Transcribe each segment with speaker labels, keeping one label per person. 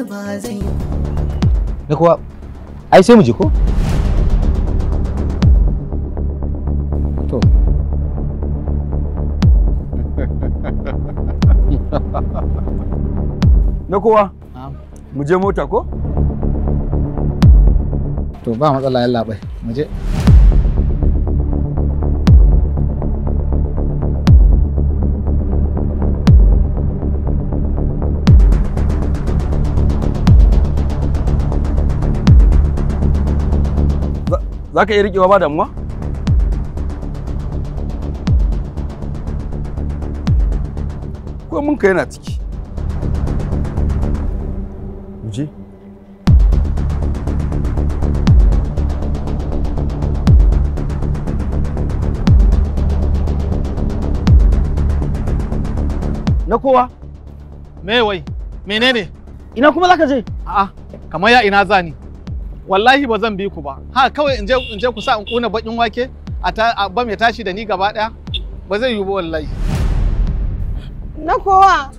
Speaker 1: wani ba
Speaker 2: na kuwa ai sai mu ji ko
Speaker 3: to
Speaker 4: na kowa mu je mota ko to ba matsala yalla bai mu je za ka iya riƙewa ba damuwa ko mun ka yana ciki je
Speaker 5: na kowa me wai menene ina kuma za ka je a'a kamar ya ina zani wallahi ba zan bi ku ba ha kawai in je in je ku sa in kuna bakin wake a ba mai tashi da ni gaba daya ba zai yiwu ba wallahi na kowa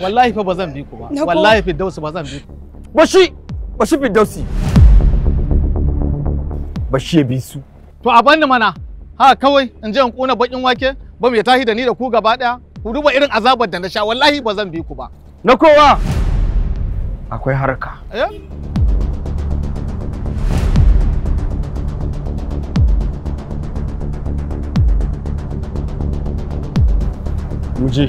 Speaker 5: wallahi fa ba zan bi ku ba wallahi Fiddausi ba zan bi ku bashi bashi firdausi
Speaker 4: bashi ya bi su
Speaker 5: to a bani mana ha kawai in je in kuna bakin wake ba mai tashi da ni da ku gaba daya ku duba irin azabar da na sha wallahi ba zan bi ku ba na kowa
Speaker 4: akwai harka eh ji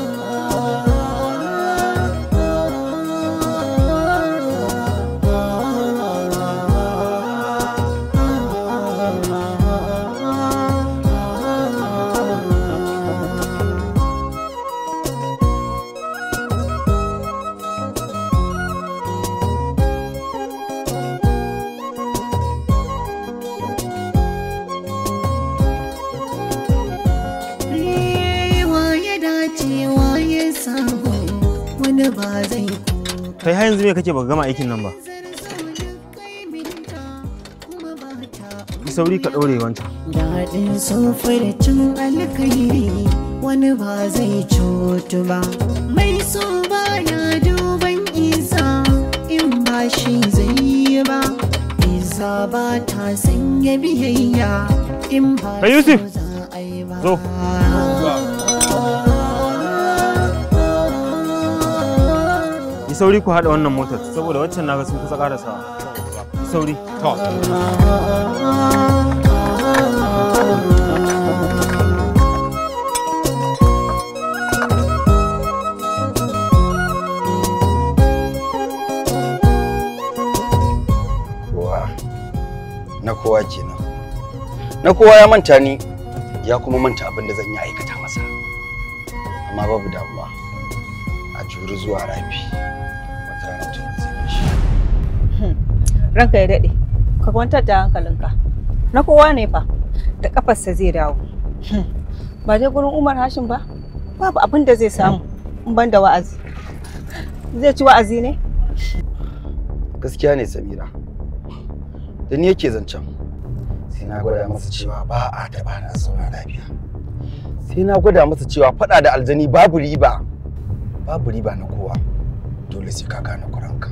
Speaker 5: kai har yanzu
Speaker 6: me kake baka gama aikin nan ba sauri ka ɗaure wancan
Speaker 1: daɗin cin alkairi wani ba zai cutu ba mai so ba ya duban isa in ba shi zai yi ba isa ba ta sanya biyayya in ba za
Speaker 7: a yi ba sauri ku haɗa wannan motar saboda waccan na sun kusa sawa. sauri
Speaker 4: na kowa kenan na kowa ya manta ni ya kuma manta abin da zan yi aikata masa amma babu damuwa a juri zuwa rafi
Speaker 8: ranka ya daɗe ka kwantar da hankalinka na kowa ne fa da kafarsa zai dawo hmm. ba dai gurin umar hashim ba babu abin da zai samu in ban da wa'azi zai ci wa'azi ne
Speaker 4: gaskiya ne samira da ni yake zancen sai na gwada masa cewa ba a taɓa na zauna lafiya sai na gwada masa cewa faɗa da aljani babu riba babu riba na kowa dole sai ka gane kuranka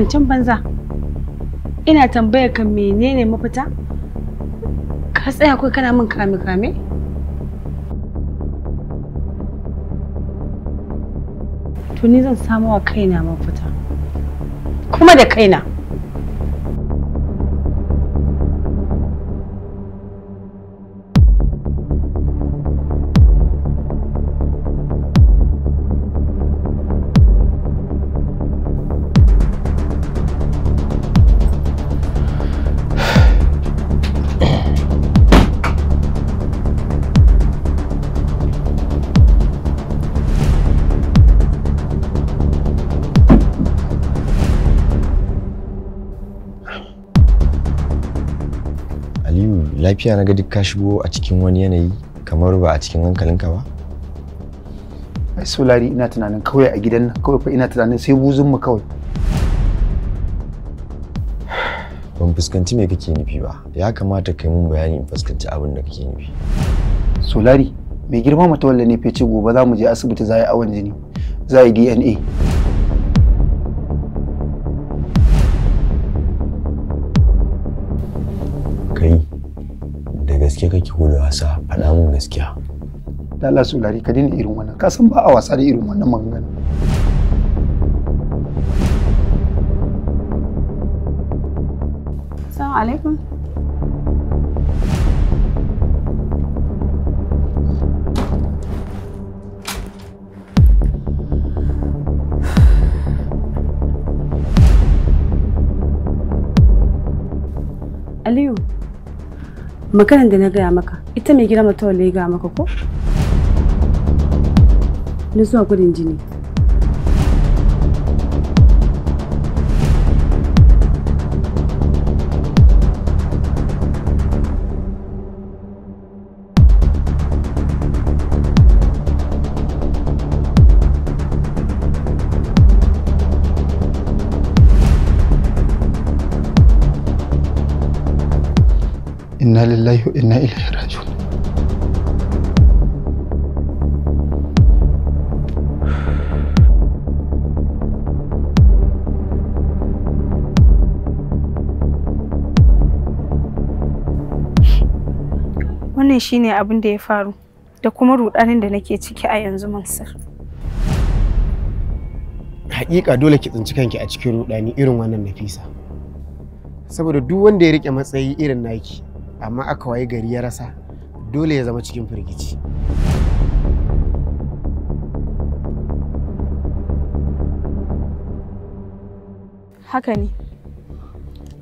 Speaker 8: zancen banza ina tambaya ka menene mafita ka tsaya kai kana min kame-kame to ni zan samu wa kaina mafita kuma da kaina
Speaker 4: tafiya na ga duk ka shigo a cikin wani yanayi kamar ba a cikin hankalinka ba
Speaker 9: ai solari ina tunanin kawai a gidan nan kawai fa ina tunanin sai buzun mu kawai
Speaker 4: ban fuskanci me kake nufi ba ya kamata kai mun bayani in
Speaker 9: fuskanci abin da kake nufi solari mai girma mata wallahi ne fice gobe za mu je asibiti za yi awon jini za yi dna
Speaker 4: Ko da wasa faɗa mun gaskiya.
Speaker 9: Lala lari ka daina irin wannan ka san ba a wasa da irin wannan maganganu.
Speaker 8: maganar da na gaya maka ita mai gida mata ya gaya maka ko na zuwa gudun jini
Speaker 9: inna lillahi wa inna ilaihi raji'un
Speaker 10: wannan shine abin da ya faru da kuma rudanin da nake ciki a yanzu Mansur.
Speaker 6: Hakika dole ki tsinci kanki a cikin rudani irin wannan Nafisa. Saboda duk wanda ya rike matsayi irin naki amma aka waye gari ya rasa dole ya zama cikin firgici
Speaker 10: haka ne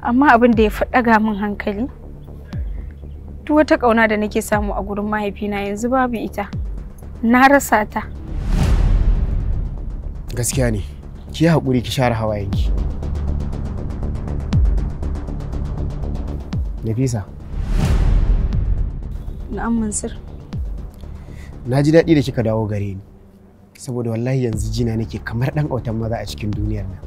Speaker 10: amma abin da ya faɗaga min hankali duk wata ƙauna da nake samu a gurin mahaifina yanzu babu ita na rasa ta
Speaker 6: gaskiya ne ki haƙuri ki share hawayenki nafisa
Speaker 10: Na'am Mansur.
Speaker 6: Na ji daɗi da kika dawo gare ni. Saboda wallahi yanzu jina nake kamar ɗan autan maza a cikin duniyar nan.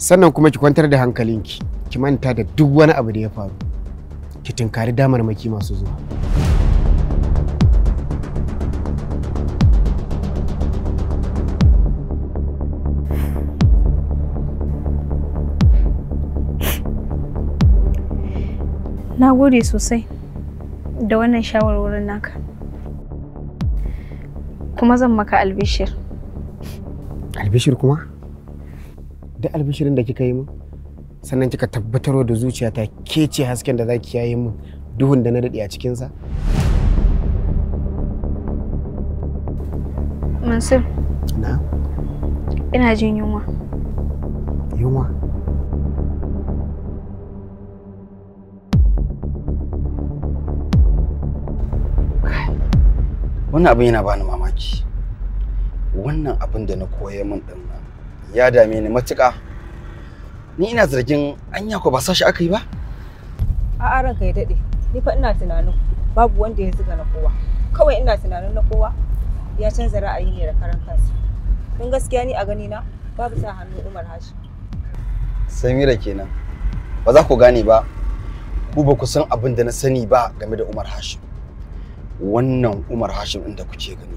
Speaker 6: Sannan kuma ki kwantar da hankalinki, ki manta da duk wani abu da ya faru. Ki tunkari maki masu zuwa.
Speaker 10: Na gode sosai. da wannan shawarwarin naka kuma zan maka albishir
Speaker 6: albishir kuma da albishirin da kika yi min sannan kika tabbatarwa da zuciyata ke ce hasken da za ki yayi min duhun da na daɗe a cikinsa mansur na
Speaker 10: ina jin yunwa
Speaker 4: yunwa wannan abin yana bani mamaki wannan abin da na koya min din nan ya dame ni matuƙa ni ina zargin anya ko ba sashi aka yi ba
Speaker 8: a aran kai dade ni fa ina tunanin babu wanda ya zuga na kowa kawai ina tunanin na kowa ya canza ra'ayi ne da karan kansa don gaskiya ni a gani na babu sa hannu Umar Hashi
Speaker 4: Samira kenan ba za ku gane ba ku ba ku san abin da na sani ba game da Umar Hashi wannan umar hashim inda kuke gani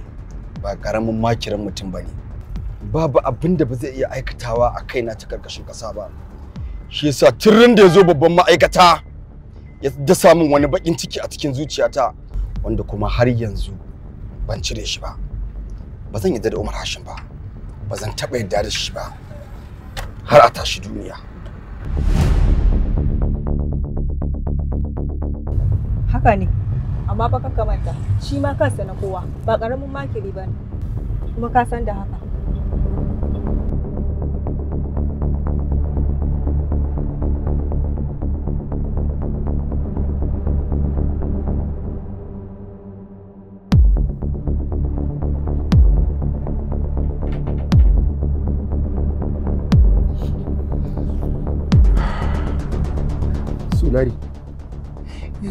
Speaker 4: ba karamin makirin mutum ba ne babu abin da ba zai iya aikatawa a kaina ta karkashin ƙasa ba shi yasa tun da ya zo babban ma'aikata ya dasa min wani baƙin ciki a cikin zuciyata wanda kuma har yanzu ban cire shi ba ba zan yadda da umar hashim ba ba zan taɓa yarda da shi ba har a tashi duniya
Speaker 8: haka ne amma fa ka kamanta shi ma kansa na kowa ba karamin makiri ba ne kuma ka san da haka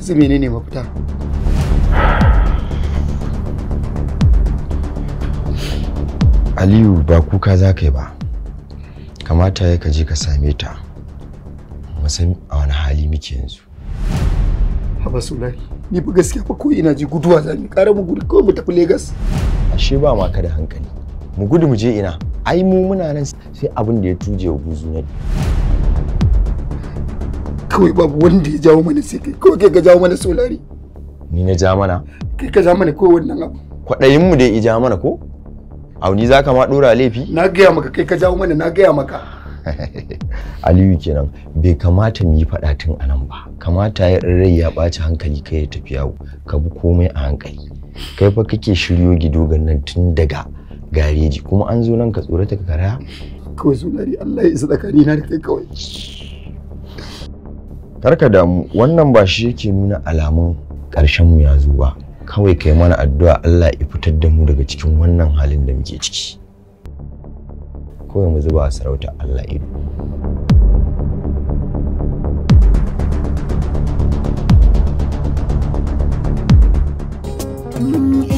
Speaker 9: yanzu menene mafita
Speaker 4: aliyu ba kuka za ka yi ba kamata ya ka je ka same ta musan a wani hali muke yanzu
Speaker 9: haba sulari ni ba gaskiya ba ko ina ji guduwa za mu ƙara mu gudu kawai mu tafi lagos
Speaker 4: ashe ba ma ka da hankali mu gudu mu je ina ai mu muna nan sai abin da ya tuje wa buzu
Speaker 9: na kawai babu wanda ya jawo mana sai kai kawai kai ka jawo mana solari
Speaker 4: ni na ja mana
Speaker 9: kai ka ja mana ko wannan abu
Speaker 4: kwaɗayin mu dai i ja mana ko auni za ka ma dora laifi na gaya maka kai ka jawo mana na gaya maka aliyu kenan bai kamata mu yi faɗa tun anan ba kamata ya rai ya ɓaci hankali kai ya tafi yawo ka bi komai a hankali kai fa kake shiryo gidogan nan tun daga gareji kuma an zo nan ka tsorata ka karaya
Speaker 9: kawai sunari Allah ya isa tsakani na da kai kawai
Speaker 4: karka damu wannan ba shi yake nuna alamun ƙarshen mu ya zo ba kawai kai mana addu'a Allah ya fitar da mu daga cikin wannan halin da muke ciki kawai mu zuba sarauta Allah ido
Speaker 1: Mm-hmm.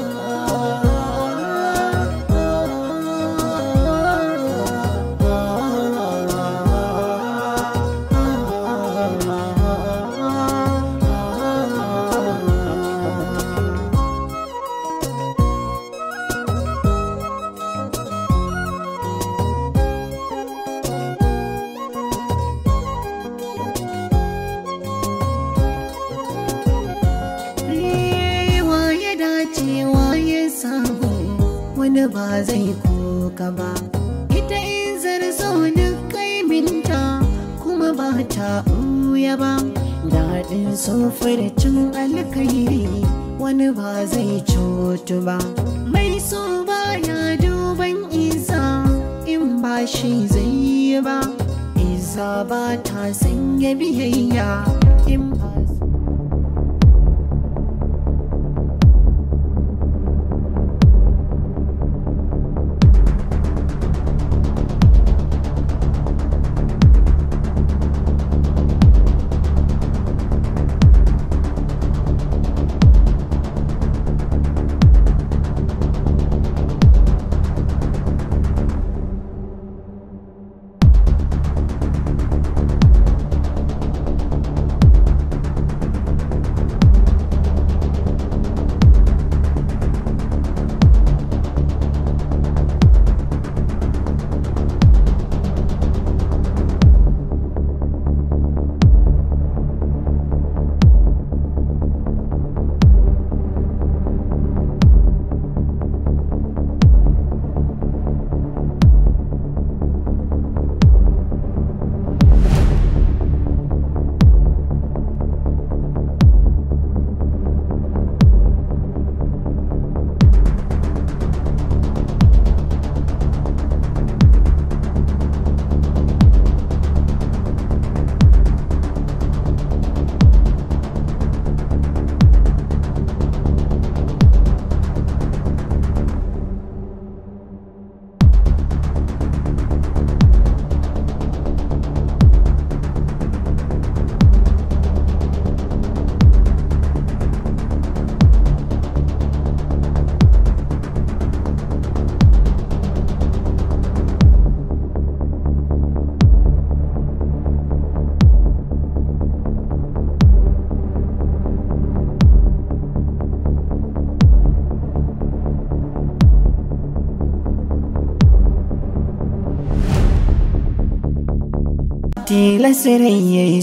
Speaker 1: lasirin ya yi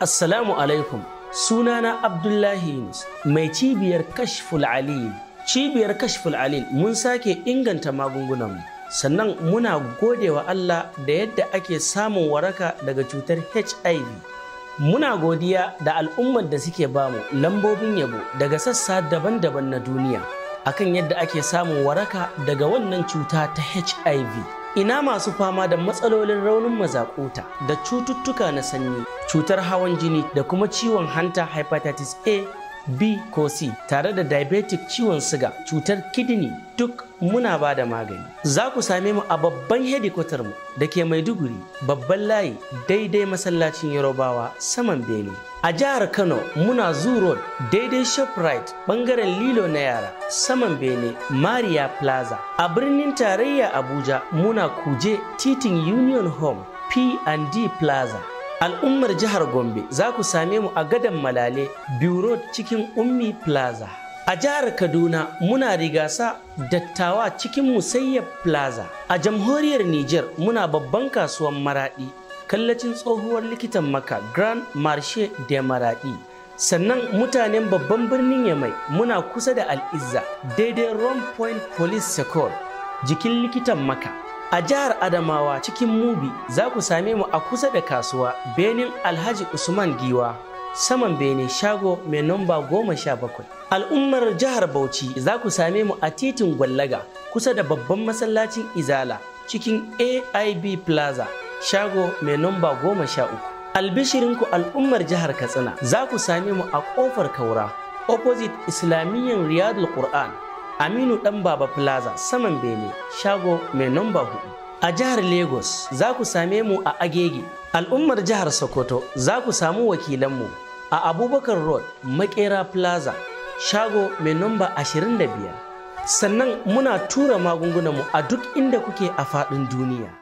Speaker 11: Assalamu alaikum, sunana Abdullahi Yunus mai cibiyar Kashful Alil. Cibiyar Kashful Alil mun sake inganta magungunanmu. Sannan muna godewa Allah da yadda ake samun waraka daga cutar HIV. Muna godiya da al'ummar da suke bamu lambobin yabo daga sassa daban-daban na duniya akan yadda ake samun waraka daga wannan cuta ta HIV. ina masu fama da matsalolin raunin mazakuta da cututtuka na sanyi cutar hawan jini da kuma ciwon hanta hepatitis a b ko c tare da diabetic ciwon siga cutar kidney duk muna ba da magani za ku same mu a babban hedikwatar mu da ke maiduguri babban layi daidai masallacin yarobawa saman bene A jihar Kano muna Zoo Road daidai Shoprite bangaren Lilo na yara saman Bene Maria Plaza. A birnin tarayya Abuja muna Kuje titin Union Home P&D Plaza. Al'ummar jihar Gombe za ku same mu a gadon Malale Bureau cikin Ummi Plaza. A jihar Kaduna muna rigasa dattawa cikin Musayyab Plaza. A jamhuriyar Nijar muna babban kasuwan maraɗi. kallacin tsohuwar likitan maka grand marche de maradi sannan mutanen babban birnin yamai muna kusa da al'izza daidai rome point police secor jikin likitan maka a jihar adamawa cikin mubi za ku same mu a kusa da kasuwa benin alhaji usman giwa saman bene shago mai nomba goma sha bakwai al'ummar jihar bauchi za ku same mu a titin gwallaga kusa da babban masallacin izala cikin aib plaza shago mai numba goma sha uku. Albishirinku al'ummar jihar Katsina za ku same mu a ƙofar Kaura, opposite Islamiyyar Riyadul Qur'an, Aminu Ɗan Baba Plaza, saman Bene, shago mai numba hudu. A jihar Lagos za ku same mu a Agege. Al'ummar jihar Sokoto za ku samu wakilanmu a Abubakar Road, Makera Plaza, shago mai ashirin da biyar, sannan muna tura magungunanmu a duk inda kuke a faɗin duniya.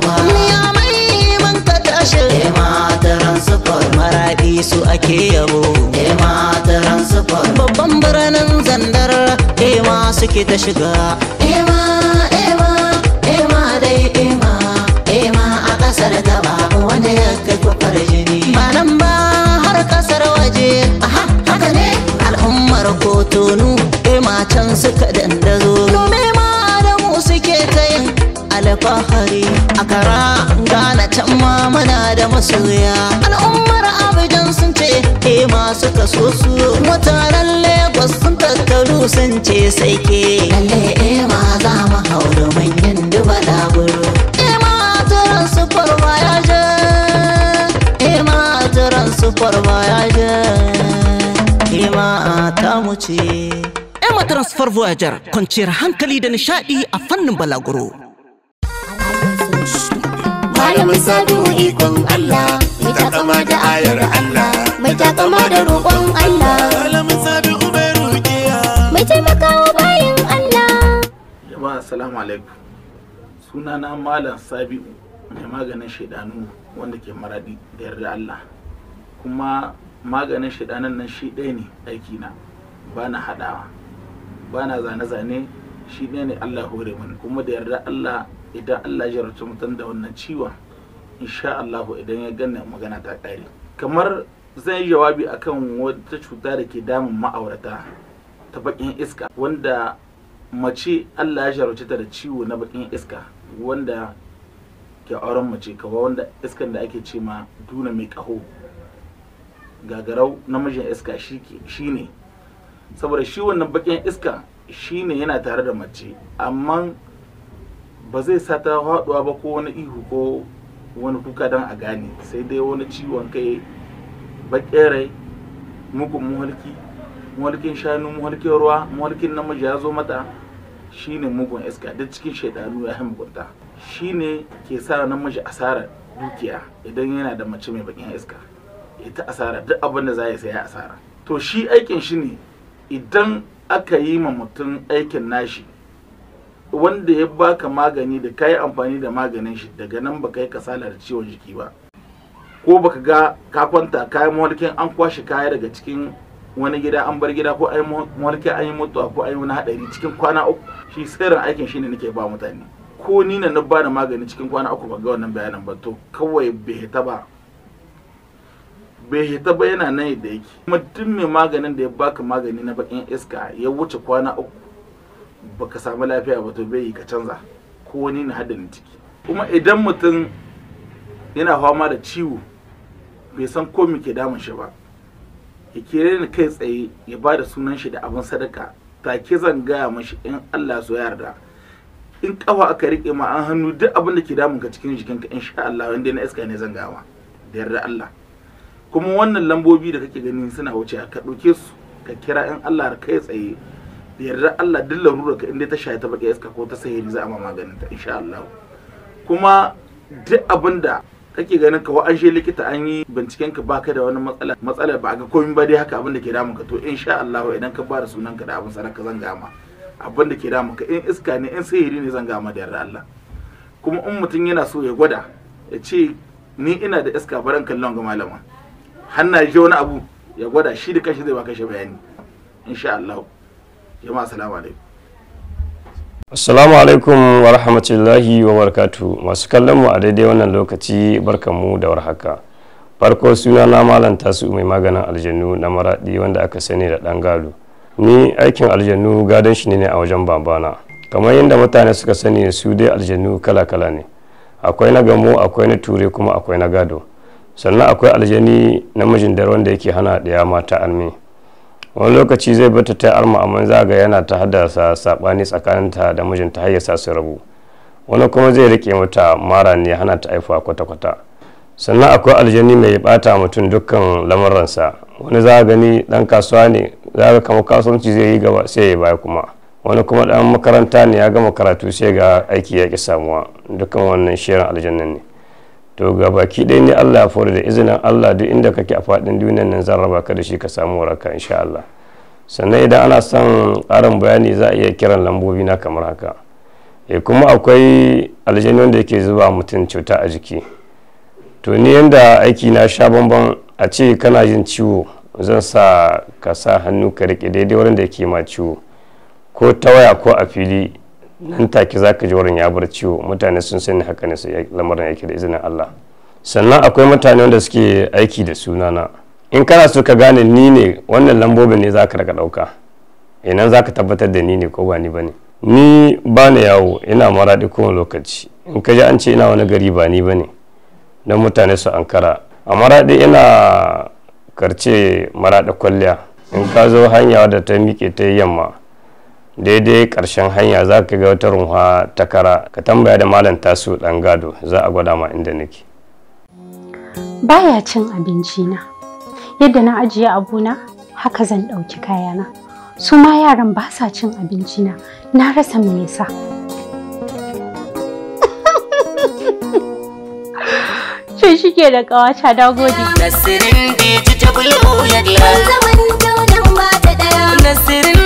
Speaker 12: noma ya mai ban ka tashi e eh, mataran sufar maraɗi su ake yabo e mataran sufar babban biranen zandar e ma suke ta shiga e ma e ma e ma dai e ma e ma a ƙasar ta babu wanda ya kai kwafar jini ba nan ba har ƙasar waje aha haka ne al'ummar kotonu e ma can suka dandazo alfahari a kara gana can ma mana da masoya al'ummar abijan sun ce ke masu kaso su mutanen lagos sun tattaru sun ce sai ke lalle e ma za mu hauro manyan duba laburu e ma turan su farwa ya je e ma turan su farwa ya je e ma ta mu ce Emma Transfer Voyager kwanciyar hankali da nishaɗi a fannin balaguro.
Speaker 6: malamin sabiu ikon Allah
Speaker 7: mai takama da ayar Allah
Speaker 6: mai takama da roƙon Allah malamin sabiu
Speaker 7: mai rukiya
Speaker 13: mai taimakawa bayan Allah
Speaker 7: jama'a assalamu alaikum sunana malam sabiu mai maganin shaidanu wanda ke maradi da yarda Allah kuma maganin shaidanan nan shi ɗaya ne aiki na ba na haɗawa ba na zane-zane shi ɗaya ne Allah hore mun kuma da yarda Allah idan Allah ya jarrace mutum da wannan ciwon insha Allah idan ya gane magana ta ƙare kamar zan yi jawabi akan wata cuta da ke damun ma'aurata ta bakin iska wanda mace Allah ya jarrace ta da ciwo na bakin iska wanda ke auren mace kawai wanda iskan da ake ce ma duna mai kaho gagarau namijin iska shi ne saboda shi wannan bakin iska shine yana tare da mace amma ba zai sa ta haɗuwa ba ko wani ihu ko wani kuka don a gane sai dai wani ciwon kai baƙerai mugun muhalki muhalkin shanu muhalkin ruwa muhalkin namiji ya zo mata shine mugun iska duk cikin shaidanu ya Shi shine ke sa namiji asara dukiya idan yana da mace mai bakin iska ita asara duk abin da za ya saya asara to shi aikin shi ne idan aka yi ma mutum aikin nashi wanda ya baka magani da ka yi amfani da maganin shi daga nan baka yi kasala da ciwon jiki ba ko baka ga ka kwanta kayan mawalkin an kwashe kaya daga cikin wani gida an bar gida ko an yi mawalkin an yi mutuwa ko an yi wani haɗari cikin kwana uku shi sirrin aikin shi ne nake ba mutane ko ni na ba da magani cikin kwana uku ba ga wannan bayanan ba to kawai bai hita ba bai hita ba yana nan yadda yake kuma duk mai maganin da ya baka magani na bakin iska ya wuce kwana uku baka samu lafiya ba to bai yi ka canza ko wani na haddana ciki kuma idan mutum yana fama da ciwo bai san ko me ke damun shi ba ya kere ni kai tsaye ya ba da sunan shi da abin sadaka take zan gaya mashi in Allah so yarda in kafa aka rike ma an hannu duk abin da ke damun ka cikin jikinka insha Allah wanda na iska ne zan gaya ma da yarda Allah kuma wannan lambobi da kake gani suna wuce ka ɗauke su ka kira in Allah kai tsaye da yarda Allah duk larura ka inda ta shaye ta baki iska ko ta sahiri za a ma maganin ta insha Allah kuma duk abinda kake ganin ka an she likita an yi binciken ka baka da wani matsala matsala ba ga komai ba dai haka abinda da ke damun ka to insha Allah idan ka ba da sunan ka da abin sadaka zan gama abin da ke damun ka in iska ne in sihiri ne zan gama da yarda Allah kuma in mutum yana so ya gwada ya ce ni ina da iska baran kallon ga malama hanna ya wani abu ya gwada shi da kashi zai baka shi bayani insha Allah jama'a
Speaker 14: assalamu alaikum wa rahmatullahi wa barakatu masu kallon mu a daidai wannan lokaci barkanmu da warhaka farko suna na malam tasu mai maganin aljannu na maradi wanda aka sani da dan gado ni aikin aljannu gadon shi ne a wajen babana kamar yadda mutane suka sani su dai aljannu kala-kala ne akwai na gamo akwai na ture kuma akwai na gado sannan akwai aljani namijin dare wanda yake hana daya mata almi wani lokaci zai bata ta arma amma za ga yana ta haddasa sabani tsakaninta da mijinta har ya sa su rabu wani kuma zai rike mata mara ne hana ta haifuwa kwata-kwata sannan akwai aljani mai bata mutum dukkan lamuransa wani za gani dan kasuwa ne za ga kamar kasuwanci zai yi gaba sai ya baya kuma wani kuma dan makaranta ne ya gama karatu sai ga aiki ya ki samuwa dukkan wannan shirin aljannan ne to ga baki ɗaya ne Allah ya fara da izinin Allah duk inda kake a faɗin duniyan nan zan raba ka da shi ka samu waraka insha Allah sannan idan ana son ƙarin bayani za a iya kiran lambobi na kamar haka e kuma akwai aljani wanda yake zuba mutum cuta a jiki to ni yanda aiki na sha bamban a ce kana jin ciwo zan sa ka sa hannu ka riƙe daidai wurin da yake ma ciwo ko ta waya ko a fili nan take za ka ji wurin ya bar ciwo mutane sun sani haka ne su lamarin yake da izinin Allah sannan akwai mutane wanda suke aiki da sunana in kana so ka gane ni ne wannan lambobin ne za ka raka ɗauka inan za ka tabbatar da ni ne ko ba ni ba ne ni ba yawo ina maraɗi kowane lokaci in ka ji an ce ina wani gari ba ni ba ne don mutane su ankara a maraɗi ina karce maraɗa kwalliya in ka zo hanya da ta miƙe ta yamma daidai ƙarshen hanya za ka ga wata runwa ta kara ka tambaya da malam tasu ɗan gado za a gwada ma inda nake
Speaker 10: baya cin abinci na yadda na ajiye abuna haka zan ɗauki kayana su ma yaran ba sa cin abinci na na rasa me yasa
Speaker 8: Shin shike da kawaca
Speaker 12: dagode Nasirin digital ya Zaman daunan ba ta daya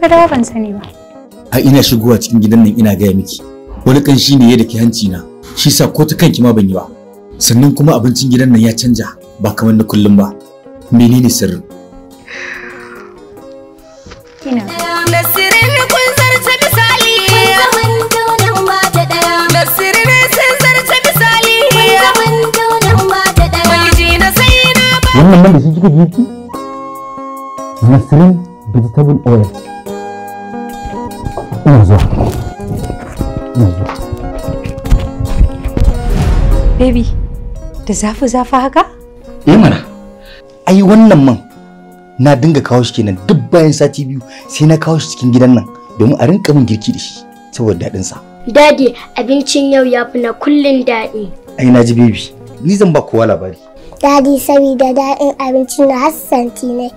Speaker 10: ka dawo ban sani ba.
Speaker 2: A ina shigowa cikin gidan nan ina gaya miki. Wani kanshi ne ya dake hanci na. Shi sa ko ta kanki ma ban yi ba. Sannan kuma abincin gidan nan ya canja ba kamar na kullum ba. Menene sirrin?
Speaker 12: Ina. Wannan
Speaker 2: nan da shi kika girki? Nasirin vegetable oil. ina
Speaker 15: baby da zafi zafi haka
Speaker 2: eh mana ai wannan man na dinga kawo shi kenan duk bayan sati biyu sai na kawo shi cikin gidan nan domin a rinka min girki da shi saboda daɗin sa
Speaker 16: dadi abincin yau ya fi na kullun daɗi
Speaker 2: ai na ji baby ni zan ba kowa labari
Speaker 15: dadi saboda daɗin abincin na Hassan ne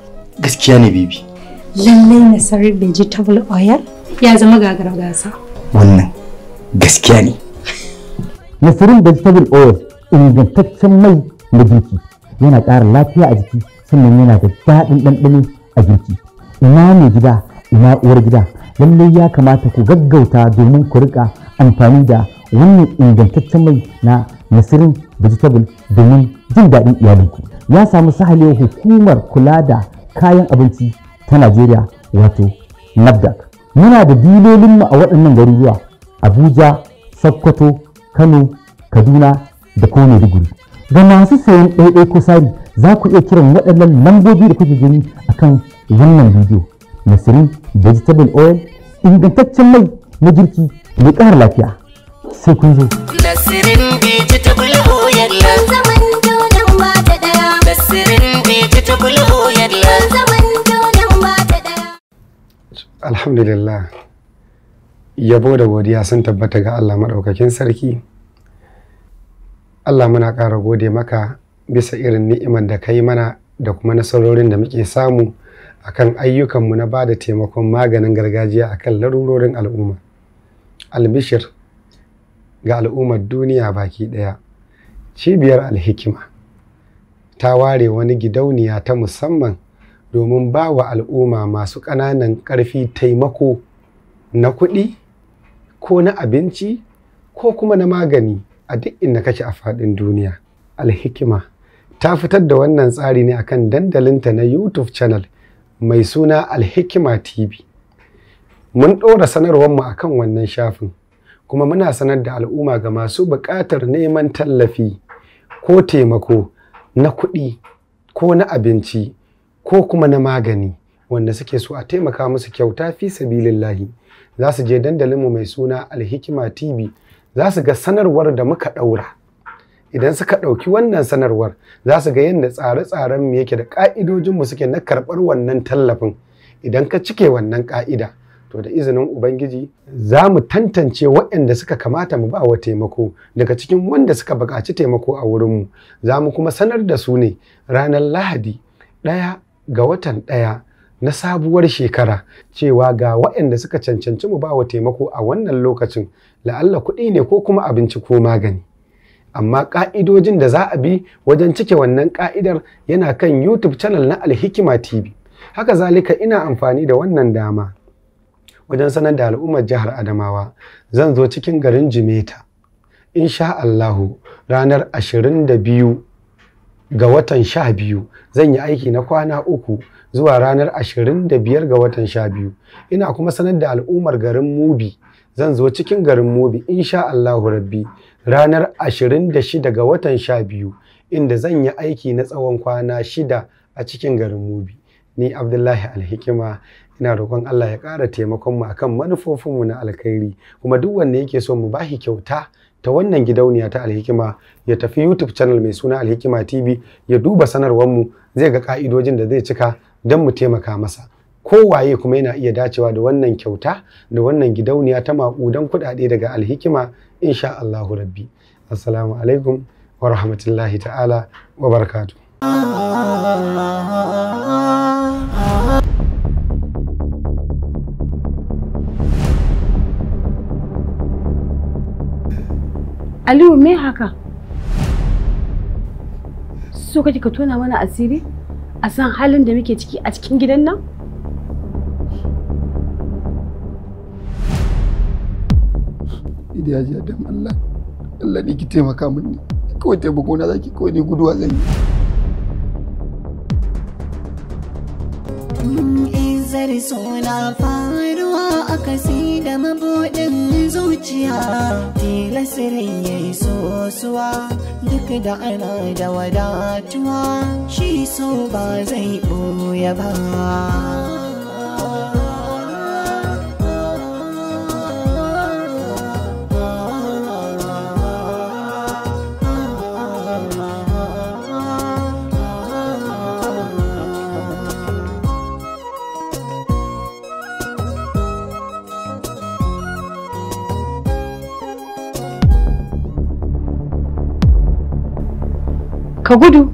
Speaker 2: gaskiya ne baby
Speaker 15: lallai na sarar vegetable oil ya zama gagara gasa
Speaker 4: wannan gaskiya ne
Speaker 2: nasirin vegetable oil ingantaccen mai na girki yana ƙara lafiya a jiki sannan yana da daɗin ɗanɗano a girki ina mai gida ina uwar gida lallai ya kamata ku gaggauta domin ku riƙa amfani da wannan ingantaccen mai na nasirin vegetable domin jin daɗin iyalinku ya samu sahalewa hukumar kula da kayan abinci ta najeriya wato nafdac muna da dilolinmu a waɗannan garuruwa abuja sokoto kano kaduna da kuma maiduguri ga masu sayan ɗaiɗai ko sari za ku iya kiran waɗannan lambobi da kuke gani a kan wannan bidiyo nasirin vegetable oil ingantaccen mai na girki mai ƙara lafiya sai kun zo nasirin
Speaker 12: nasirin vegetable oil zaman
Speaker 17: alhamdulillah yabo da godiya sun tabbata ga allah maɗaukakin sarki allah muna ƙara gode maka bisa irin ni'imar da kai mana da kuma nasarorin da muke samu akan ayyukanmu na ba da taimakon maganin gargajiya akan larurorin al'umma albishir ga al'ummar duniya baki ɗaya cibiyar alhikima ta ware wani gidauniya ta musamman domin ba wa al'umma masu ƙananan ƙarfi taimako na kuɗi ko na abinci ko kuma na magani a duk inda kake a faɗin duniya alhikima ta fitar da wannan tsari ne akan dandalinta na youtube channel mai suna alhikima tv mun ɗora sanarwar sanarwarmu akan wannan shafin kuma muna sanar da al'umma ga masu buƙatar neman tallafi ko taimako na kuɗi ko na abinci ko kuma na magani wanda suke so a taimaka musu kyauta fi sabilillahi za su je dandalinmu mai suna alhikima tv za su ga sanarwar da muka ɗaura idan suka ɗauki wannan sanarwar za su ga yadda tsare-tsaren mu yake da ƙa'idojinmu suke na karɓar wannan tallafin idan ka cike wannan ƙa'ida to da izinin ubangiji za mu tantance waɗanda suka kamata mu ba wa taimako daga cikin wanda suka buƙaci taimako a wurinmu za mu kuma sanar da su ne ranar lahadi ɗaya ga watan ɗaya na sabuwar shekara cewa ga waɗanda suka cancanci mu bawa taimako a wannan lokacin la'alla kuɗi ne ko kuma abinci ko magani amma ƙa'idojin da za a bi wajen cike wannan ƙa'idar yana kan youtube channel na alhikima tv haka zalika ina amfani da wannan dama wajen sanar da al'ummar jihar adamawa zan zo cikin garin jimeta insha allahu ranar 22 ga watan sha biyu zan yi aiki na kwana uku zuwa ranar ashirin da biyar ga watan sha biyu ina kuma sanar da al'ummar garin mubi zan zo cikin garin mubi insha allahu rabbi ranar ashirin da shida ga watan sha biyu inda zan yi aiki na tsawon kwana shida a cikin garin mubi ni abdullahi alhikima ina roƙon allah ya ƙara taimakon mu akan manufofinmu na alkhairi kuma duk wanda yake so mu bahi kyauta ta wannan gidauniya ta Alhikima ya tafi YouTube channel mai suna Alhikima TV ya duba sanarwar mu zai ga ka'idojin da zai cika don mu taimaka masa. Kowaye kuma yana iya dacewa da wannan kyauta da wannan gidauniya ta maƙudan kuɗaɗe daga Alhikima insha Allahu Rabbi. Assalamu alaikum wa rahmatullahi ta'ala wa barakatuh.
Speaker 8: Aliyu me haka? So kake ka tona mana asiri? A san halin da muke ciki a cikin gidan nan?
Speaker 9: Idiya jiya Allah. Allah ne ki taimaka min. Kawai taimako na zaki kawai ne guduwa zan yi.
Speaker 1: suna faruwa a kasi da mabuɗin zuciya. sirrin ya yi sosuwa duk da ana da wadatuwa shi so ba zai ɓoye ba
Speaker 8: ka gudu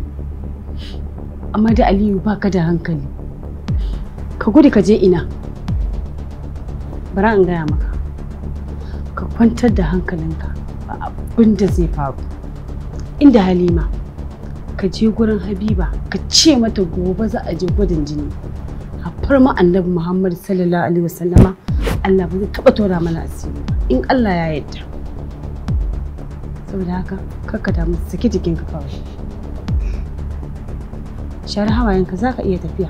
Speaker 8: amma da aliyu baka da hankali ka gudu ka je ina bara in gaya maka ka kwantar da hankalinka ba abin da zai faru inda halima ka je gurin habiba ka ce mata gobe za a je gwadin jini A ma annabi muhammad sallallahu alaihi wasallama allah ba zai taba tora mana asiri in allah ya yadda. saboda haka kakka damu saki jikinka kawai share hawayenka za ka iya tafiya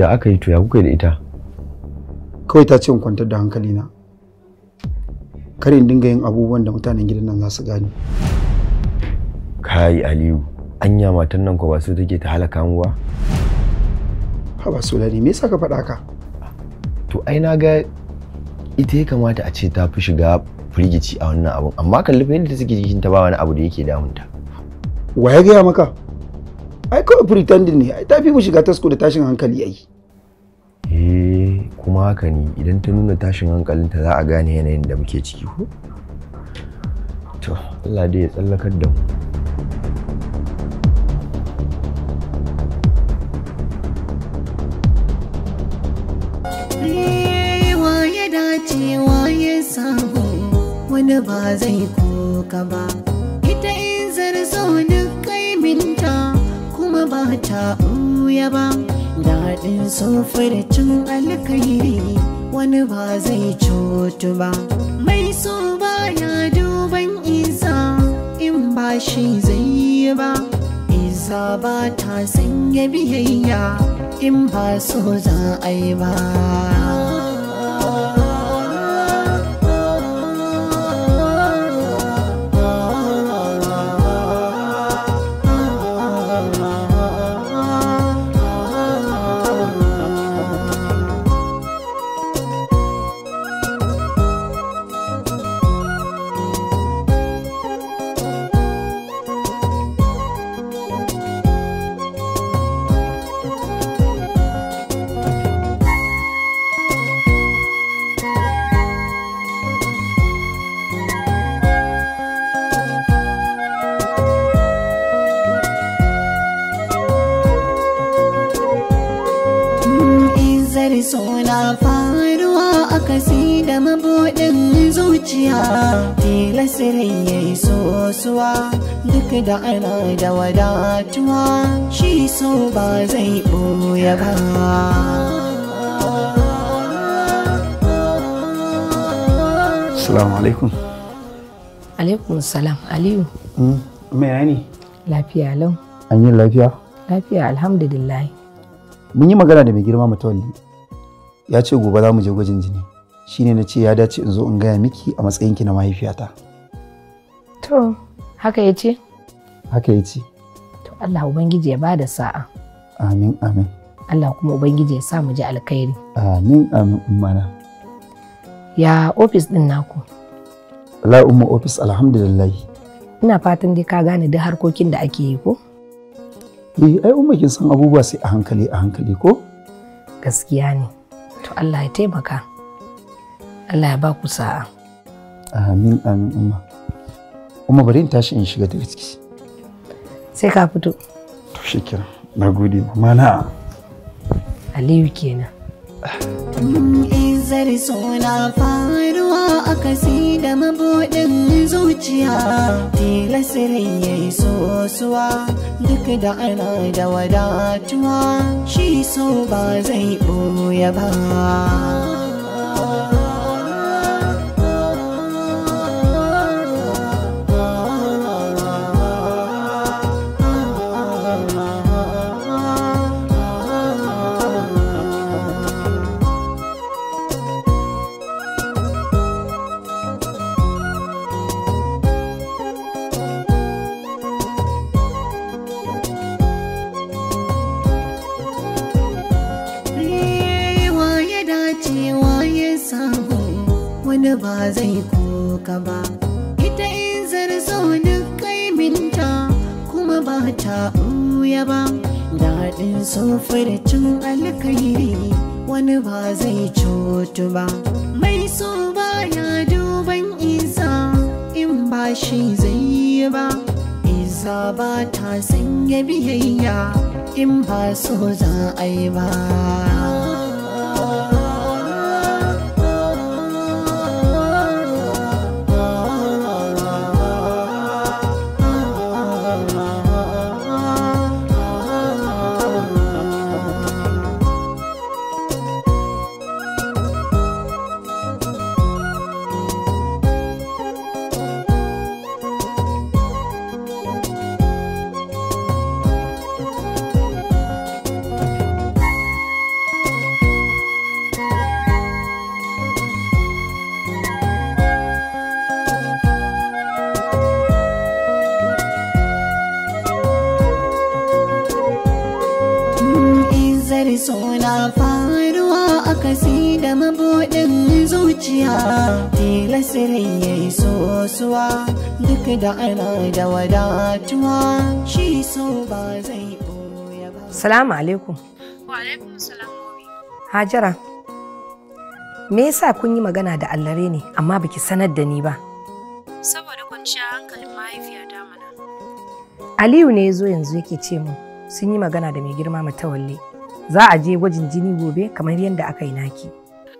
Speaker 4: ya aka yi to ya kuka da ita
Speaker 9: kawai ta ce in kwantar da hankali na kar in dinga yin abubuwan da mutanen gidan nan za su gane
Speaker 4: kai aliyu anya matan nan ko ba su take ta halaka mu ba
Speaker 9: ha ba sulani me yasa ka faɗa ka to ai na ga
Speaker 4: ita ya kamata a ce ta fi shiga firgici a wannan abun amma kalli fa yadda ta jikin ta ba wani abu da yake damunta
Speaker 9: wa ya gaya maka ai kawai pretending ne ai tafi mu shiga tasko da tashin hankali ai
Speaker 4: eh kuma haka ne idan ta nuna tashin hankalinta za a gane yanayin da muke ciki ko to Allah dai ya tsallakar da mu
Speaker 1: eh, waye dace waye wani ba zai koka ba ita in zarzo kuma ba ta ɓuya ba daɗin cin alkairi wani ba zai cutu ba mai so ba ya duban isa in ba shi zai yi ba isa ba ta sanya biyayya in ba so za a yi ba da mabuɗin zuciya tilasirin ya yi sosuwa duk da ana da wadatuwa shi so ba zai ɓoye ba
Speaker 9: Assalamu alaikum.
Speaker 15: Alaikum salam Aliyu.
Speaker 9: Hmm, me ne?
Speaker 15: Lafiya lau. An yi lafiya? Lafiya alhamdulillah.
Speaker 9: Mun yi magana da mai girma mutawalli. Ya ce gobe za mu je gwajin jini. shine na ce ya dace in zo in gaya miki a matsayinki na mahaifiyata
Speaker 15: to haka ya ce haka ya ce to Allah ubangiji ya bada sa'a
Speaker 9: amin amin
Speaker 15: Allah kuma ubangiji ya sa mu ji alkhairi
Speaker 9: amin amin ummana
Speaker 15: ya ofis din naku
Speaker 9: la umma ofis alhamdulillah
Speaker 15: ina fatan dai ka gane duk harkokin da ake yi ko
Speaker 9: eh ai umma kin san abubuwa sai a hankali a hankali
Speaker 15: ko gaskiya ne to Allah ya taimaka Allah ya ba ku sa'a.
Speaker 9: Amin amin umma. Umma bari in tashi in shiga daga ciki. Sai ka fito. To shikenan. gode. mama na.
Speaker 15: Aliyu kenan.
Speaker 1: Izar suna faruwa a kasi da mabuɗin zuciya tilasirin ya yi sosuwa duk da ana da wadatuwa shi so ba zai ɓoye ba. ba zai koka ba ita in zarzo duk kai minta kuma ba ta ɓuya ba daɗin cin alkairi wani ba zai cutu ba mai so ba ya duban isa in ba shi zai yi ba isa ba ta sanya biyayya in ba so za a yi ba gamsuwa duk da ana da wadatuwa
Speaker 15: shi so
Speaker 1: ba zai
Speaker 15: ya ba. Salamu alaikum.
Speaker 1: Wa alaikum salam.
Speaker 15: Hajara, me yasa kun yi magana da allare ne amma baki sanar da ni ba?
Speaker 13: Saboda kwanciyar hankalin mahaifiya ta mana.
Speaker 15: Aliyu ne ya zo yanzu yake ce mu sun yi magana da mai girma matawalle. Za a je gwajin jini gobe kamar yadda aka yi naki.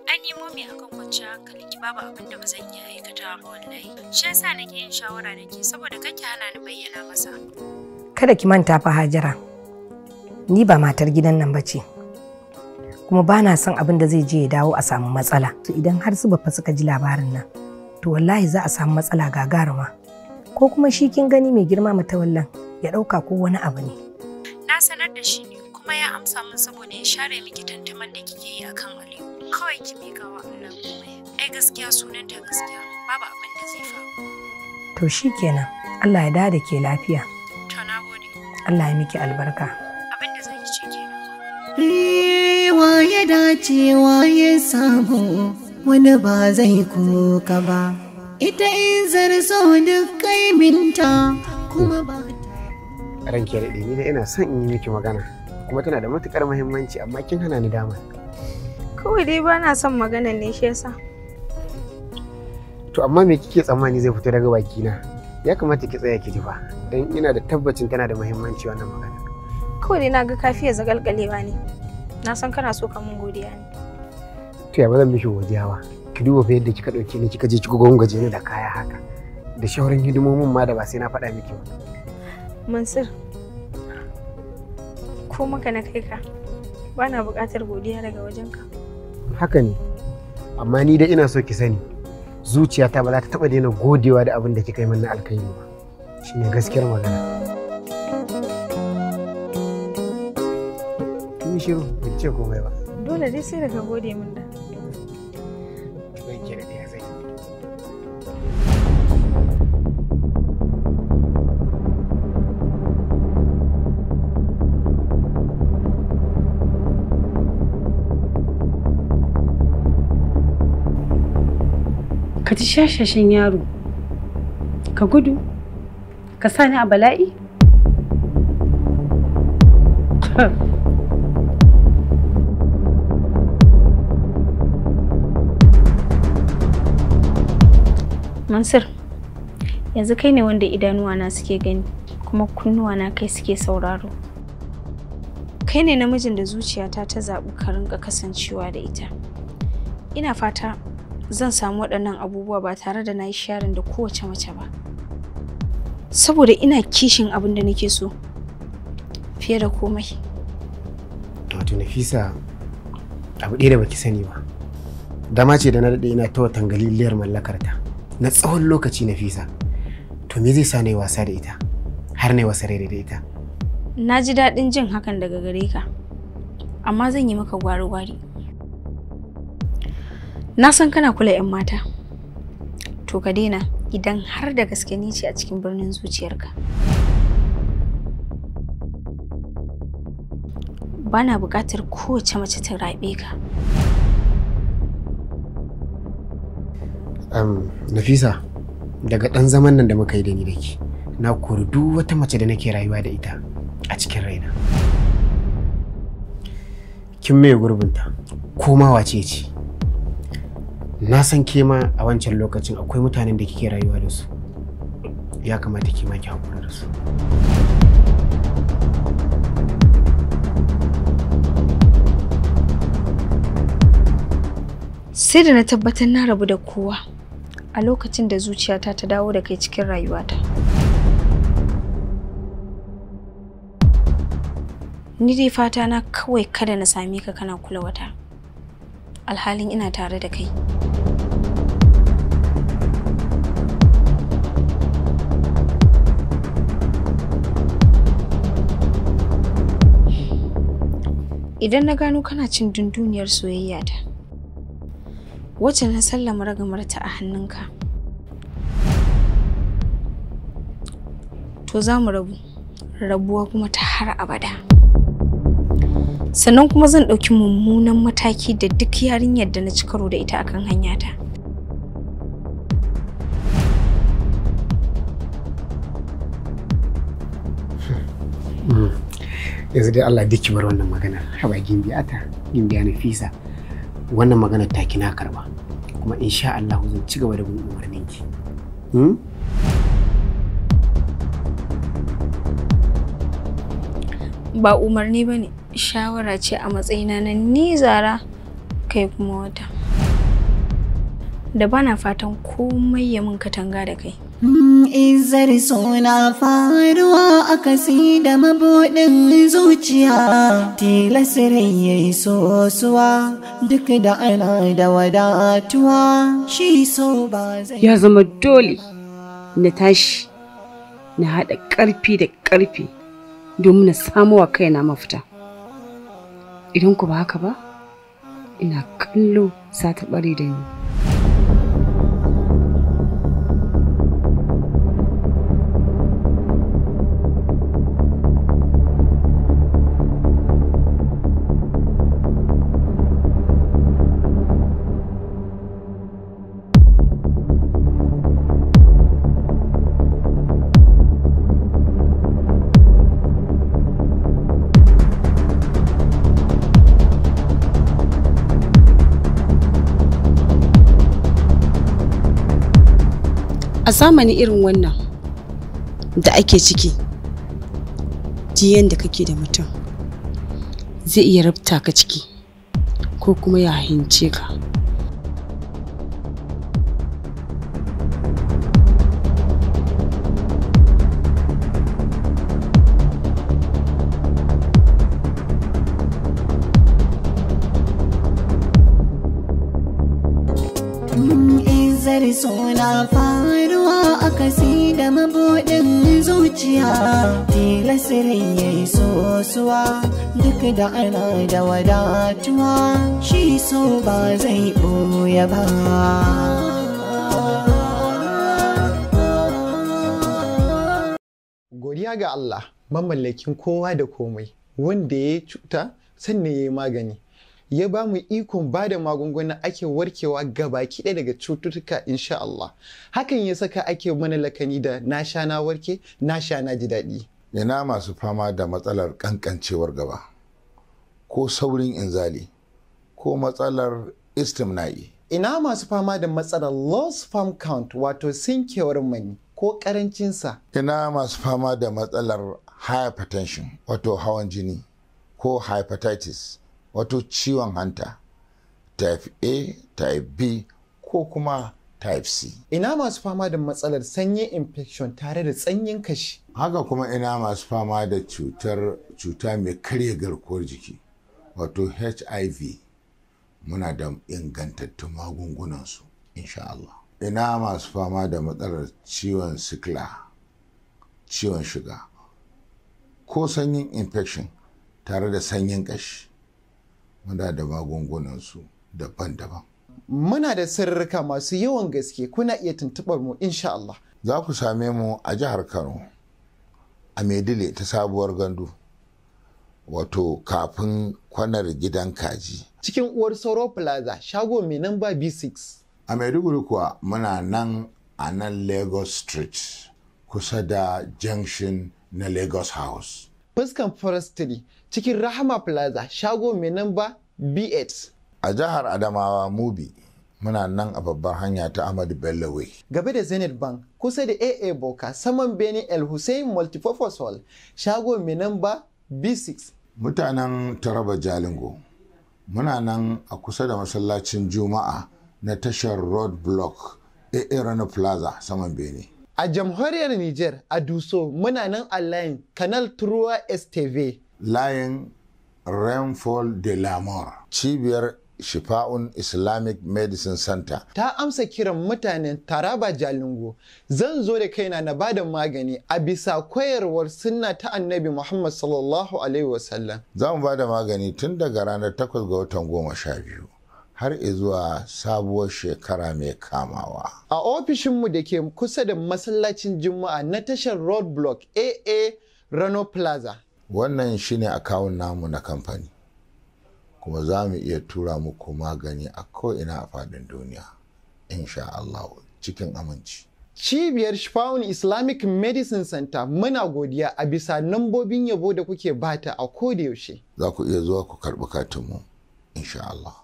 Speaker 15: An yi mumi akan
Speaker 10: kwanciyar hankali ki babu abin ba zan yi. wallahi shi yasa nake yin shawara da ke saboda kake hana ni bayyana masa
Speaker 15: kada ki manta fa hajara ni ba matar gidan nan bace kuma ba na son abin da zai je ya dawo a samu matsala to idan har su bafa suka ji labarin nan to wallahi za a samu matsala gagaruma ko kuma shi kin gani mai girma wallan ya ɗauka ko wani abu ne
Speaker 10: na sanar da shi ne kuma ya amsa min saboda ya share miki tantaman da kike yi akan Aliyu kawai ki miƙa wa komai ai gaskiya sunanta
Speaker 15: gaskiya babu abin da zai faru to shi kenan, Allah ya da ke lafiya to gode. Allah ya miki albarka abin da zan ce kenan
Speaker 1: ya dace ya samu wani ba zai kuka ba ita in zarzo duk kai minta kuma ba
Speaker 6: ranke da ni da ina son in yi miki magana kuma tana da matukar muhimmanci amma kin hana ni dama
Speaker 10: Kawai dai ba na son magana ne shi yasa.
Speaker 6: To amma me kike tsammani zai fito daga bakina? Ya kamata ki tsaya ki ji fa, dan ina da tabbacin tana da muhimmanci wannan magana.
Speaker 10: Kawai dai na ga kafiya zagalgalewa ne. Na san kana so ka mun godiya ne.
Speaker 6: To ya bazan zan miki godiya ba. Ki duba fa yadda kika dauke ni kika je kika gongaje ni da kaya haka. Da shawaran hidimomin ma da ba sai na faɗa miki ba.
Speaker 10: Mansur, ko maka na kai ka, ba buƙatar godiya daga wajenka. ka.
Speaker 6: haka ne amma ni da ina so ki sani zuciyata ba za ta taba daina godewa da abin da kika yi min na alkhairi ba shine gaskiyar magana kin shiru ce komai ba
Speaker 10: dole dai sai daga gode min da
Speaker 8: ka ji shashashin yaro ka gudu ka sa ni a bala'i
Speaker 10: Mansur, yanzu kai ne wanda idanuwana suke gani kuma kunnuwana kai suke sauraro. Kai ne namijin da zuciyata ta zaɓi ka rinka kasancewa da ita. Ina fata zan samu waɗannan abubuwa ba tare da na yi sharing da kowace mace ba saboda ina kishin abin da nake so fiye da komai
Speaker 6: wato nafisa abu ɗaya da baki sani ba dama ce da na dade ina ta watan galiliyar mallakarta na tsawon lokaci nafisa to me zai sa na wasa da ita har na yi wasa da ita
Speaker 10: na ji daɗin jin hakan daga gare ka amma zan yi maka gwari-gwari na san kana kula 'yan mata to ka daina idan har da gaske ni ce a cikin birnin zuciyarka bana buƙatar kowace mace ta raɓe ka
Speaker 6: um, nafisa daga ɗan zaman nan da muka yi da ni da ke na kori duk wata mace da nake rayuwa da ita a cikin raina kin mai gurbinta koma wace ce na san ke a wancan lokacin akwai mutanen da kike rayuwa da su ya kamata ke ki haƙura da su
Speaker 10: sai da na tabbatar na rabu da kowa a lokacin da zuciyata ta dawo da kai cikin rayuwata ni dai fata na kawai kada na sami ka kana kula wata alhalin ina tare da kai idan na gano kana cin dunduniyar soyayya ta wacce na sallama ragamar ta a hannunka to za mu rabu rabuwa kuma ta har abada sannan kuma zan ɗauki mummunan mataki da duk yarinyar da na ci karo da ita akan hanyata.
Speaker 6: Hmm. yanzu dai Allah duk bar wannan magana haba gimbiyata gimbi na fisa wannan magana ta kina karba kuma insha Allah zan ci gaba da bin umarnin ki
Speaker 18: hmm?
Speaker 10: ba umarni bane shawara ce a matsayina na ni zara kai kuma wata. Da bana fatan komai ya mun katanga da kai.
Speaker 1: Mm, izar suna faruwa a kasi da mabuɗin zuciya, tilasirin ya yi sosuwa duk da ana da wadatuwa shi so ba zai. Ya zama
Speaker 8: dole na tashi na haɗa ƙarfi da ƙarfi domin na samuwa kaina mafita. idan ku ba haka ba ina kallo sata ta bare da ni zamani irin wannan da ake ciki ji da kake da mutum zai iya rabta ka ciki ko kuma ya hince ka
Speaker 1: suna find? kasida da mabuɗin zuciya sirin ya yi sosuwa duk da ana da wadatuwa shi so ba zai ɓoye ba godiya ga
Speaker 19: Allah mamallakin kowa da komai wanda ya cuta sannan ya yi magani ya ba mu ikon ba da magunguna ake warkewa gaba ɗaya daga cututtuka insha Allah hakan ya saka ake mana lakani da na sha na warke na sha na ji daɗi
Speaker 18: ina masu fama da matsalar ƙanƙancewar gaba ko saurin inzali ko matsalar istimna'i ina masu fama da matsalar low
Speaker 19: farm count wato sinkewar mani ko ƙarancinsa?
Speaker 18: ina masu fama da matsalar hypertension wato hawan jini ko hepatitis wato ciwon hanta type a type b ko kuma type c ina masu fama da matsalar sanyin infection tare da tsanyin kashi haka kuma ina masu fama da cutar cuta mai karya garkuwar jiki wato hiv muna da ingantattun magungunansu insha Allah ina masu fama da matsalar ciwon sikila ciwon shiga ko sanyin infection tare da sanyin kashi muna da magungunansu daban-daban.
Speaker 19: Muna da sirrika masu yawan gaske kuna iya tuntubar mu insha Allah.
Speaker 18: Za ku same mu a jihar Kano a Maidile ta sabuwar gandu wato kafin kwanar gidan kaji. Cikin uwar Soro Plaza shago mai namba B6. A Maiduguri kuwa muna nan a nan Lagos Street kusa da junction na Lagos House.
Speaker 19: fuskan forestry
Speaker 18: cikin rahama plaza shago mai namba b8 a jihar adamawa mubi muna nan a babbar hanya ta Ahmadu Bello Way.
Speaker 19: Gabe da Zenith Bank kusa da AA Boka saman Benin El Hussein Multipurpose Hall
Speaker 18: shago mai namba B6. Mutanen Taraba Jalingo muna nan a kusa da masallacin Juma'a na tashar Road Block AA Rana Plaza saman Benin.
Speaker 19: a jamhuriyar nijar a duso muna nan a layin
Speaker 18: canal turuwa stv layin rainfall de la cibiyar shifa'un islamic medicine center
Speaker 19: ta amsa kiran mutanen taraba jalingo zan zo da kaina na bada magani a bisa koyarwar sunna ta annabi muhammad sallallahu alaihi wasallam
Speaker 18: zan bada magani tun daga ranar takwas ga watan goma sha biyu. har zuwa sabuwar shekara mai kamawa.
Speaker 19: A ofishinmu da ke kusa da masallacin Juma'a na tashar roadblock AA Rano Plaza.
Speaker 18: Wannan shine akawun namu na kamfani, kuma za mu iya tura muku magani a ko'ina a faɗin duniya, insha Allah cikin aminci.
Speaker 19: Cibiyar Shifawun Islamic Medicine Center muna godiya a bisa nambobin yabo da kuke bata a koda yaushe.
Speaker 18: Za ku iya zuwa ku karɓi katinmu,
Speaker 5: insha Allah.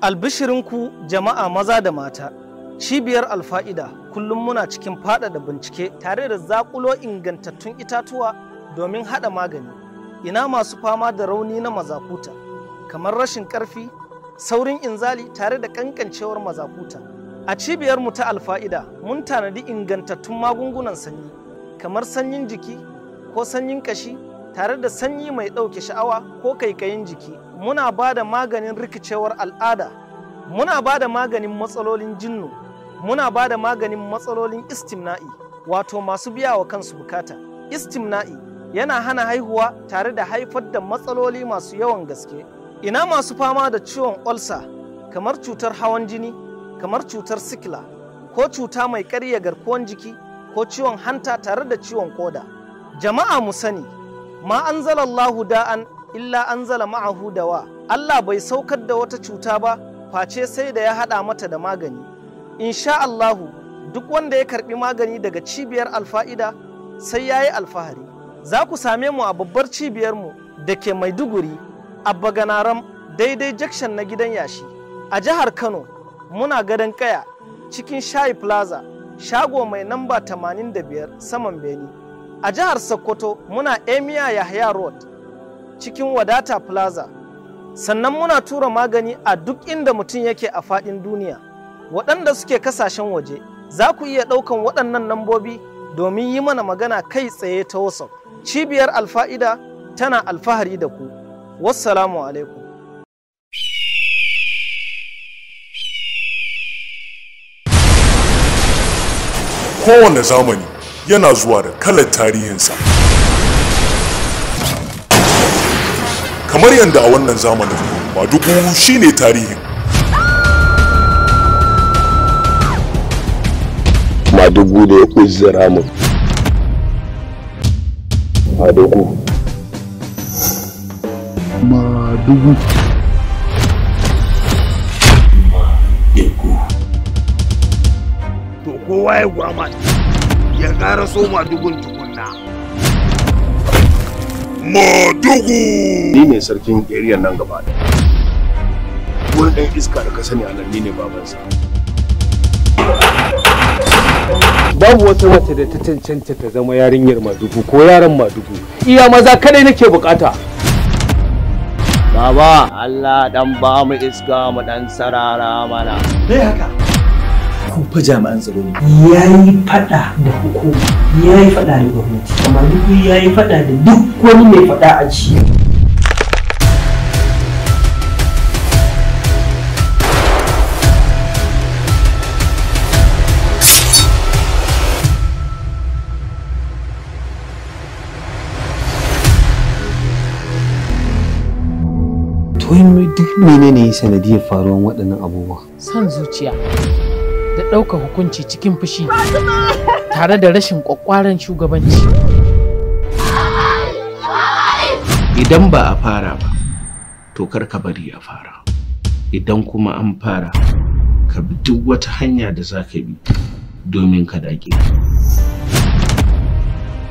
Speaker 5: Albishirinku jama'a maza da mata, cibiyar alfa'ida kullum muna cikin faɗaɗa bincike tare da zakulo ingantattun itatuwa domin haɗa magani. Ina masu fama da rauni na mazakuta, kamar rashin ƙarfi, saurin inzali tare da ƙanƙancewar mazakuta. A cibiyar mu ta alfa'ida mun tanadi ingantattun magungunan sanyi, kamar sanyin jiki ko sanyin ƙashi tare da sanyi mai ɗauke sha'awa ko kaikayin jiki. muna ba da maganin rikicewar al'ada muna ba da maganin matsalolin jinnu muna ba da maganin matsalolin istimna'i wato masu biya wa kansu bukata istimna'i yana hana haihuwa tare da haifar da matsaloli masu yawan gaske ina masu fama da ciwon olsa kamar cutar hawan jini kamar cutar sikila ko cuta mai karya garkuwan jiki ko ciwon hanta tare da ciwon koda jama'a mu sani ma zalallahu da'an illa an zala ma'ahu dawa Allah bai saukar da wata cuta ba face sai da ya haɗa mata da magani insha Allahu duk wanda ya karɓi magani daga cibiyar alfa'ida sai ya yi alfahari za ku same mu a babbar cibiyarmu da ke maiduguri a baganaram daidai jakshan na gidan yashi a jihar kano muna gadon kaya cikin shayi plaza shago mai namba 85 saman beni a jihar sokoto muna emia yahya road cikin wadata plaza sannan muna tura magani a duk inda mutum yake a faɗin duniya waɗanda suke kasashen waje za ku iya ɗaukan waɗannan lambobi domin yi mana magana kai tsaye ta wasan cibiyar alfa'ida tana alfahari da ku wassalamu alaikum
Speaker 4: kowane zamani yana zuwa da kalar tarihinsa kamar yadda a wannan zamanin madugu shine tarihin madugu da ya uzura mu madugu
Speaker 19: madugu
Speaker 7: madugu to kowa ya gwama ya ƙara so madugun tukun
Speaker 4: Madugu! Ni ne sarkin Eriyan nan gaba da. Wani ɗan iska da ka sani a nan ni ne babansa.
Speaker 17: Babu wata mace da ta cancanta ta zama yarinyar Madugu ko yaran
Speaker 5: Madugu. Iya maza kadai nake bukata. Baba, Allah dan ba mu iska mu dan sarara mana. Dai
Speaker 2: haka. ku fa jami'an
Speaker 11: tsaro ne yayi fada da hukuma yayi fada da gwamnati amma duk yayi fada da duk wani mai fada a ci
Speaker 8: to
Speaker 2: duk menene sanadiyar faruwar waɗannan abubuwa
Speaker 16: san zuciya da ɗaukar hukunci
Speaker 6: cikin fushi
Speaker 11: tare da rashin ƙwaƙwaran shugabanci. Idan ba a fara ba, to kar ka bari a fara. Idan kuma an fara, ka bi duk wata hanya da za ka bi domin ka dage.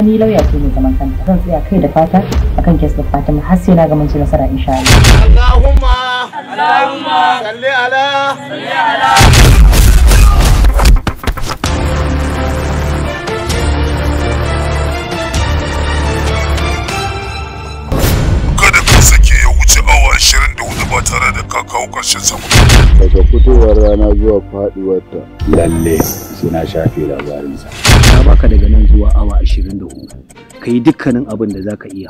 Speaker 12: Ni lauya ce mai zaman
Speaker 16: kanta, zan tsaya kai da fata akan kes da Fatima har sai na gamanci nasara insha Allah.
Speaker 12: Allahumma
Speaker 7: Allahumma salli ala salli ala
Speaker 4: 24 ba tare da ka kawo ƙarshen samu. Daga fitowar rana zuwa faɗuwar ta. Lalle
Speaker 11: suna na
Speaker 1: shafe labarinsa.
Speaker 11: Na baka daga nan zuwa awa hudu Ka yi dukkanin
Speaker 5: abin da za ka iya.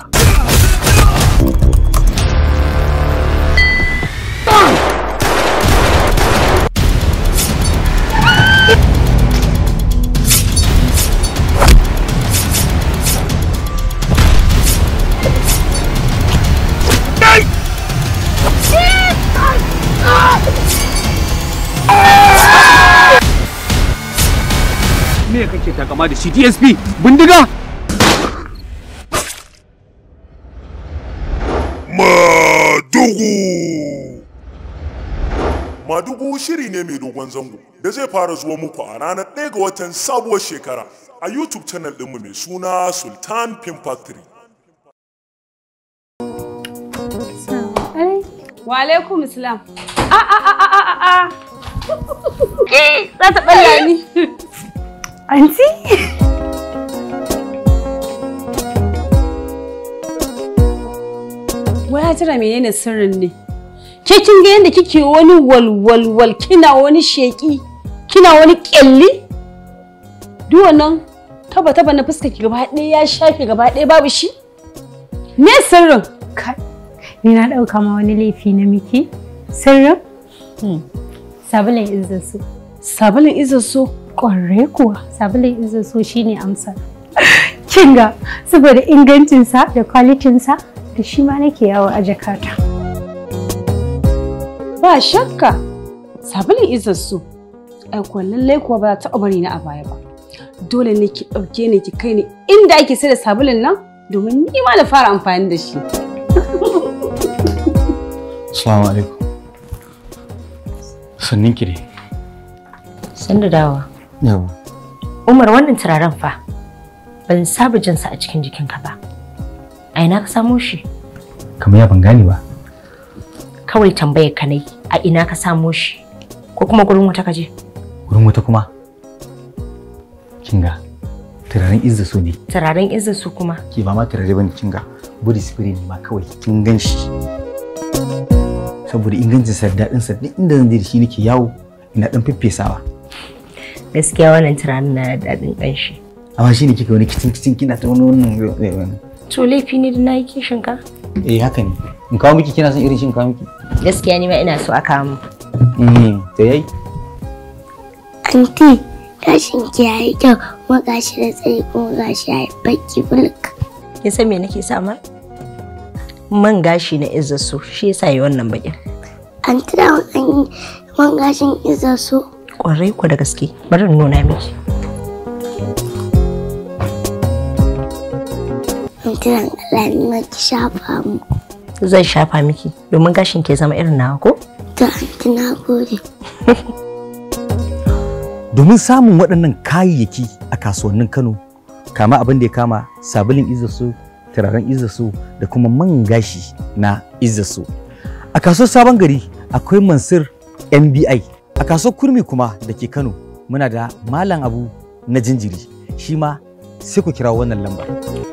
Speaker 2: kake takama da shi DSP
Speaker 5: bindiga Madugu
Speaker 4: Madugu shiri ne mai dogon zango da zai fara zuwa muku a ranar 1 ga watan sabuwar shekara a YouTube channel ɗinmu mai suna Sultan Pin Factory.
Speaker 8: Wa alaikum salam. A a a a a a. Eh, za ta ɓalla ni. Anti? Waya tara menene sirrin ne? Ke kin ga yadda kike wani walwalwal kina wani sheki kina wani kyalli? Duk wannan taba taba na fuska ki gaba ɗaya ya shafe gaba ɗaya babu shi? Me sirrin? Ni na ɗauka ma wani laifi na miki. Sirrin? Hmm. Sabulin izinsu. Sabulin izinsu? Ƙwarai kuwa, sabulun izo so shi ne amsa. Kinga, saboda ingancinsa da kwalitinsa da shi ma nake yawo a jakata. Ba shakka, sabulun izo so, aiko lallai kuwa ba za ta bari na a baya ba. Dole ne ki ɗauke ni ki kai ni inda ake sai da sabulun nan domin ni ma na fara amfani da shi.
Speaker 2: Assalamu alaikum. Sannin ki dai.
Speaker 8: Sannu
Speaker 15: dawa.
Speaker 2: Yawa.
Speaker 16: Umar wannan turaren fa ban saba jin sa a cikin jikinka ba. A ina ka samo shi?
Speaker 2: Kamar ya ban gane ba.
Speaker 16: Kawai tambaye ka nayi a ina ka samo shi ko kuma gurin wata kaje?
Speaker 2: Gurin wata kuma? Kinga. Turaren izza su ne.
Speaker 16: Turaren izza su kuma?
Speaker 2: Ki ba ma turare bane kinga. Body spray ne ma kawai kin gan shi. Saboda ingancin sa daɗin sa duk inda zan je da shi nake yawo ina dan fiffesawa.
Speaker 16: gaskiya wannan tunanin na daɗin ƙanshi
Speaker 2: amma shi ne kika wani kicin kicin kina ta wani wannan
Speaker 16: to laifi ne da na yi kishin ka
Speaker 2: eh haka ne in kawo miki kina son irin shin kawo miki
Speaker 16: gaskiya ni ma ina so a kawo mu da
Speaker 2: mm-hmm. yayi
Speaker 16: anti gashin ki yayi kyau kuma gashi da tsayi kuma gashi yayi baki bulk kin san me nake sa ma man gashi na izzasu shi yasa yi wannan bakin an wannan man gashin izzasu kwarai ku da gaske bari in nuna miki zai shafa miki domin gashin ke zama irin nawa ko?
Speaker 8: na gode
Speaker 2: domin samun waɗannan kayayyaki a kasuwannin kano kama abin da ya kama sabulin izasu turaren izasu da kuma man gashi na izasu a kasuwar sabon gari akwai mansur mbi A kasuwar kurmi kuma da ke Kano muna da Malam Abu na jinjiri shi ma sai ku kira wannan lambar.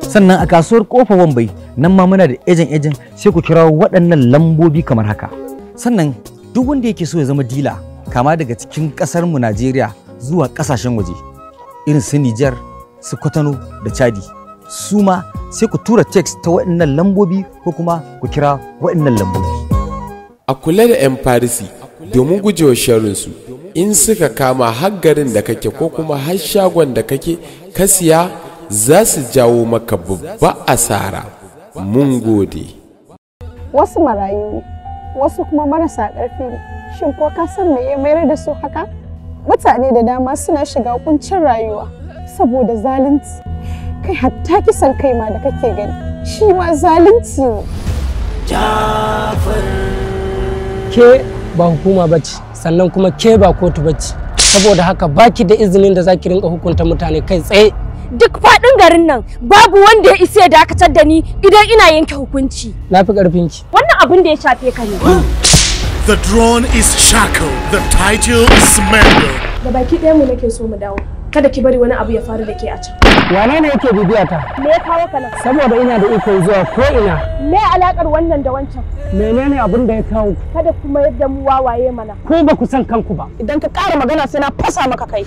Speaker 2: Sannan a kasuwar kofa Wambai nan ma muna da ejen ejen sai ku kira waɗannan lambobi kamar haka. Sannan duk wanda yake so ya zama dila kama daga cikin ƙasar mu Najeriya zuwa ƙasashen waje irin su Nijar, su Kwatano da Chadi. Su ma sai ku tura text ta waɗannan lambobi ko kuma ku kira
Speaker 7: waɗannan lambobi. A kula da 'yan Farisi domin gujewa sharinsu in suka kama har garin da kake ko kuma har shagon da kake kasiya siya za su jawo maka babba asara mun gode
Speaker 16: wasu marayu wasu kuma
Speaker 10: marasa ƙarfi shin ko ka san me ya mayar da su haka mutane da dama suna shiga kuncin rayuwa saboda zalunci kai hatta kisan kai ma da kake gani shi ma zalunci
Speaker 11: ne ke ba hukuma ce sannan kuma ke ba kotu ba ce saboda haka baki da izinin da zaki rinka hukunta mutane kai tsaye duk faɗin garin nan babu wanda ya isa ya
Speaker 16: dakatar da ni idan ina yanke hukunci
Speaker 7: na
Speaker 15: fi ki.
Speaker 16: wannan abin da ya shafe ka ne
Speaker 7: The drone is shackled, the title is mangled.
Speaker 16: Da baki ɗaya mu nake so
Speaker 10: mu
Speaker 8: dawo, kada ki bari wani abu ya faru da ke a can.
Speaker 11: wane ne yake bibiya ta
Speaker 8: me ya kawo ka nan
Speaker 11: saboda ina da ikon zuwa ko ina
Speaker 8: me alakar wannan da wancan
Speaker 11: menene abin da ya kawo
Speaker 8: kada kuma yadda mu wawaye mana
Speaker 11: ko ba ku san kanku ba idan ka ƙara magana
Speaker 8: sai na fasa maka kai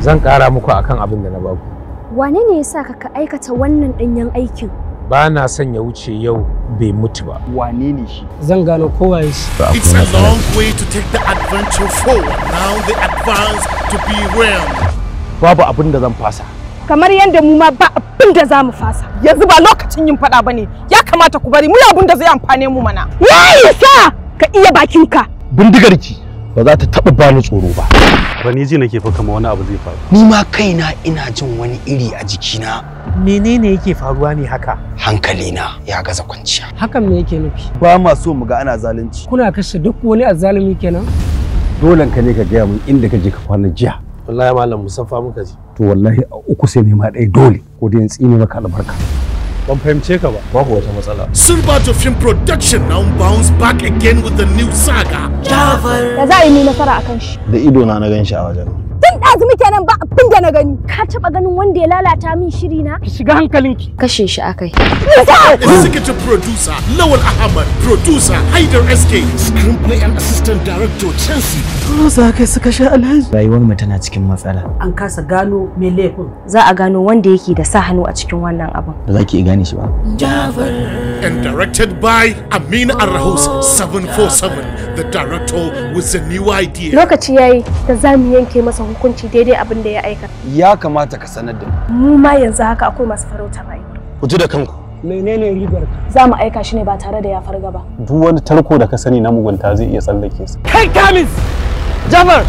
Speaker 6: zan ƙara muku akan abin da na baku
Speaker 16: wane ne ya sa ka aikata wannan ɗanyen
Speaker 7: aikin
Speaker 6: ba na son ya wuce yau bai mutu ba. Wane ne shi? Zan gano kowa shi.
Speaker 17: It's a
Speaker 7: long way to take the adventure forward. Now the advance to be realm.
Speaker 17: Babu abin da zan fasa.
Speaker 8: kamar yadda mu ma ba abin da za mu fasa
Speaker 7: yanzu
Speaker 5: ba lokacin yin faɗa bane ya kamata ku bari mu abin da zai amfane mu mana yayi sa ka iya bakinka
Speaker 4: bindigar ki ba za ta taɓa bani tsoro ba
Speaker 17: ba ni ji nake fa kamar wani
Speaker 7: abu zai faru
Speaker 4: ni ma kaina ina jin wani iri a jikina menene yake faruwa ne haka hankalina ya gaza kwanciya hakan me yake nufi ba ma so mu ga ana zalunci kuna
Speaker 11: kashe duk wani azzalumi kenan
Speaker 4: dolan ka ne ka gaya mun inda ka je ka kwana jiya
Speaker 11: wallahi
Speaker 7: malam musaffa muka ji
Speaker 4: to wallahi a uku sai ne ma ɗaya dole ko dai tsine maka albarka
Speaker 7: ban fahimce ka ba babu wata matsala to Film Production now bounce back again with the new saga Jafar
Speaker 16: da za a yi nasara akan shi
Speaker 7: da ido na na gan shi a wajen
Speaker 16: tun ɗazu muke nan ba abin da na gani. Ka taɓa ganin wanda ya lalata min shiri na? Ki shiga hankalinki. Kashe shi
Speaker 7: akai. Executive producer Lawal Ahmad, producer Haidar SK, screenplay and assistant director Chelsea.
Speaker 11: za kai suka kashe alhaji. Rayuwar mu tana cikin matsala.
Speaker 16: An kasa gano me laifin. Za a gano wanda yake da sa hannu a cikin wannan abin.
Speaker 11: Ba za ki
Speaker 2: iya
Speaker 18: gane shi ba. Jafar. And directed by Amina 747.
Speaker 7: The director with a new idea. Lokaci
Speaker 8: yayi da zamu yanke masa hukunci daidai abin da ya aika.
Speaker 7: Ya kamata ka sanar da
Speaker 8: mu. Mu ma yanzu haka akwai masu farauta bai.
Speaker 7: Ku da kanku.
Speaker 10: Menene rigar ka? Za mu aika shi ne ba tare da ya farga ba.
Speaker 7: Duk wani tarko da ka sani na
Speaker 19: mugunta zai iya tsallake sa.
Speaker 7: Kai Kamis! Jafar!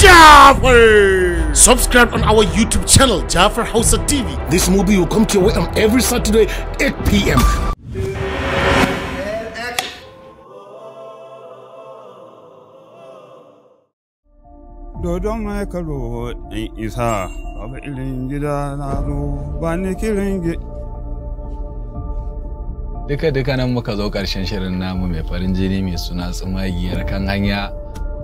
Speaker 7: Jafar! Subscribe on our YouTube channel, Jafar Hausa TV. This movie will come to your way on every Saturday, 8 p.m.
Speaker 18: dodon mai karo in isa babu irin gida na zo ba ni kirin
Speaker 15: duka duka nan muka zo karshen shirin namu mai farin jini mai suna
Speaker 4: tsumagiyar kan hanya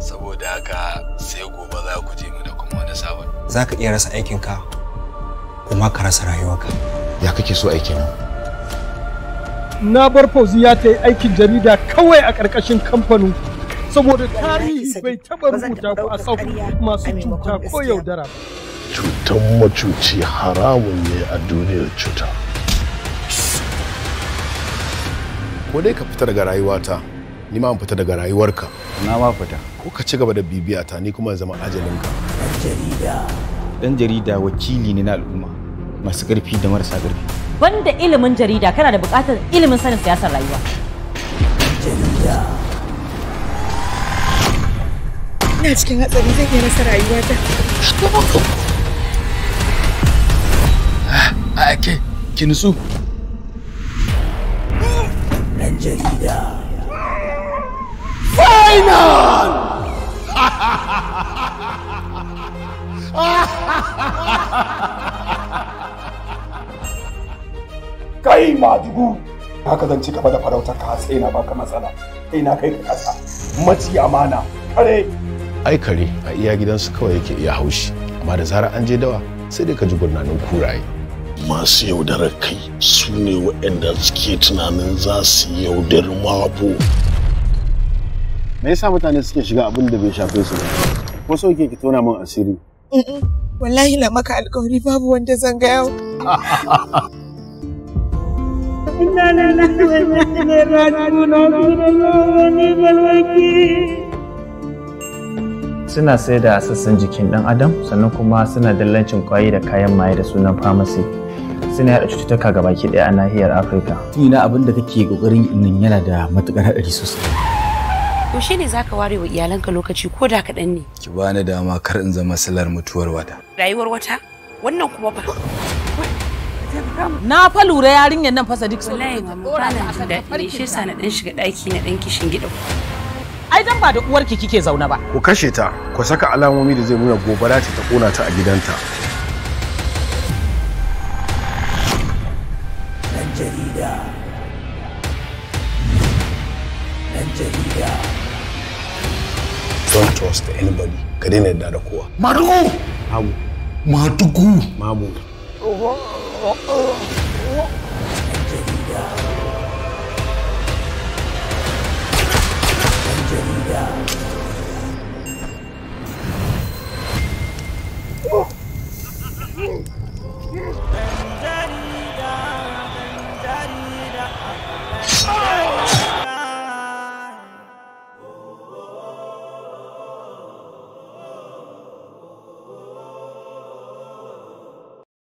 Speaker 4: saboda haka sai gobe za ku je mu da kuma wani sabon za ka iya rasa aikinka kuma ka rasa rayuwarka ya kake so aikin nan na bar fauzi ya ta yi aikin jarida kawai a ƙarƙashin kamfanin
Speaker 5: saboda tarihi bai taɓa rubuta ku a sauƙi masu cuta ko yaudara
Speaker 4: Cutan macuci haramun ne a duniyar cuta. Ko dai ka fita daga rayuwata, ni ma fita daga rayuwarka. Na ma fita. Ko ka ci gaba da bibiyata ni kuma zama ajalinka. Ɗan jarida. wakili ne na al'umma masu ƙarfi da marasa ƙarfi.
Speaker 16: Banda ilimin jarida kana da buƙatar ilimin sanin siyasar rayuwa. Jarida.
Speaker 6: ina cikin hatsari zai iya rasa rayuwata
Speaker 4: ah, a ake ki nutsu
Speaker 13: ɗan jarida final
Speaker 4: kai madugu haka zan ci gaba da farautar ka tsena baka matsala kai na kai ka kasa maci amana kare ai kare a iya gidansu kawai yake iya haushi
Speaker 7: amma da zarar an je dawa sai dai ka ji gurnanin kuraye masu yaudarar kai su ne waɗanda suke tunanin za su yaudar mabo
Speaker 4: me yasa mutane suke shiga abin da bai shafe su ba ko so ke ki tona min asiri
Speaker 16: wallahi na maka alƙawari babu wanda zan ga yau
Speaker 11: inna lillahi wa inna ilaihi raji'un
Speaker 7: suna sai da sassan jikin dan adam sannan
Speaker 2: kuma suna dallancin kwayi da kayan maye da sunan pharmacy suna yada cututtuka ga baki daya a nahiyar afirka tunina abin da kake kokarin nan yana da matukar haɗari sosai
Speaker 16: yaushe ne zaka ware wa iyalanka lokaci ko da kaɗan ne
Speaker 2: ki bani dama kar in zama silar mutuwar
Speaker 8: wata
Speaker 16: rayuwar wata wannan kuma ba
Speaker 8: na fa lura yarinyar nan fasa duk wallahi ba mu fara shi yasa na dan shiga ɗaki na dan kishin gida
Speaker 11: ai dan ba da uwarki kike zaune ba
Speaker 4: ku kashe ta ku saka alamomi da zai nuna gobara ce ta kona ta a gidanta
Speaker 3: dan jarida dan jarida
Speaker 4: don't trust anybody ka daina yarda da kowa madugu mamu madugu mamu
Speaker 13: oh, oh, oh. Oh!